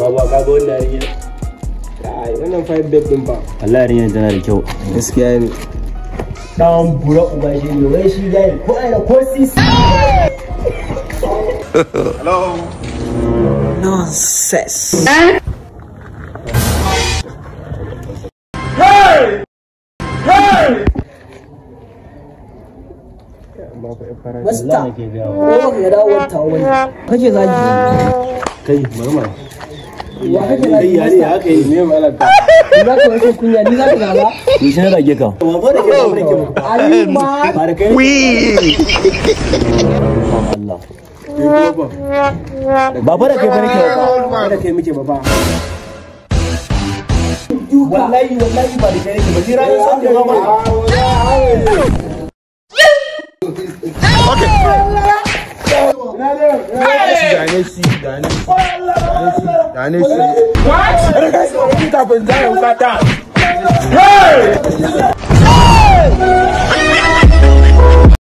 baba ka ga wannan yarinya kai wannan five bed din ba wallahi yarinya tana da kyau gaskiya ne dan bura uba shi ne wai shi yayi ko ai ko sisi hello nonsense Basta, ko ya dawo wata wani. Kake zagi. Kai, marmara. ya kake ke ya ke haka yi ne kunya ni za ka gaba ni sai rage ka ba ba da ke ba ke ma ba da kai ba ba da kai ba nake ba da kai muke ba ba wallahi That is it. What? Hey!